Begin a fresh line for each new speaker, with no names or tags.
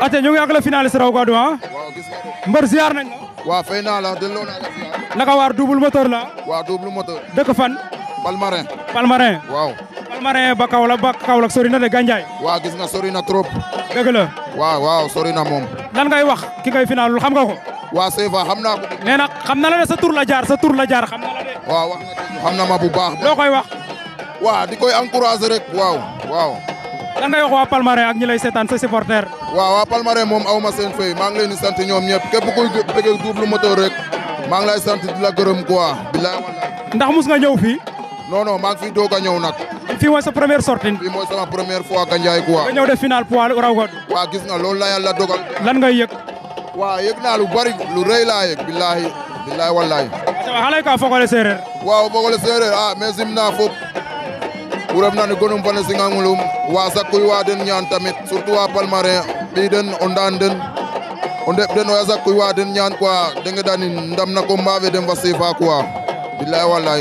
ate ñu ngi ak la finaliste raw gaddu a ah. mbër ziar na la waaw fay naa la delloo naa la ziar naka waar double moteur la waaw double moteur dëkk fan palmarin palmarin ba Kaolack ba Kaolack sori na de Gandiaye waaw gis nga sori na trop dëgg la waaw waaw sori na moom lan ngay wax ki ngay finalul xam nga ko waa Seyfa xam naa ko nee na xam na la de sa tur la jaar sa tur la jaar xam na de waaw wax na xam na ma bu baax doo koy wax waaw di koy encourager rek waaw waaw lan ngay wax waa Palmarin ak ñi seetaan sa supporter. waaw waa Palmarin moom aw ma seen fay leen di sant ñoom ñëpp képp kuy bëgg double moteur rek maa lay sant di la gërëm quoi. bilaay wallaay. ndax mus nga ñëw fii. non non maa ngi fi doog a ñëw nag. fii mooy sa première sortie. fii mooy sama première fois ak Gandiaye quoi. nga ñëw def final poids raw nga. waa gis nga loolu la yàlla lan ngay yëg. waa yëg naa lu bari lu rëy laa yëg billahi ɓuran nan gonum fane singanŋulum wasa kuy wa den ñaan tamit surtout wa palmarin ɓiy den o ndaan den o ndeɓ den oya sak kuy wa den ñaan quoi denge danin ndam na combat den fa sefa quoi bilay walay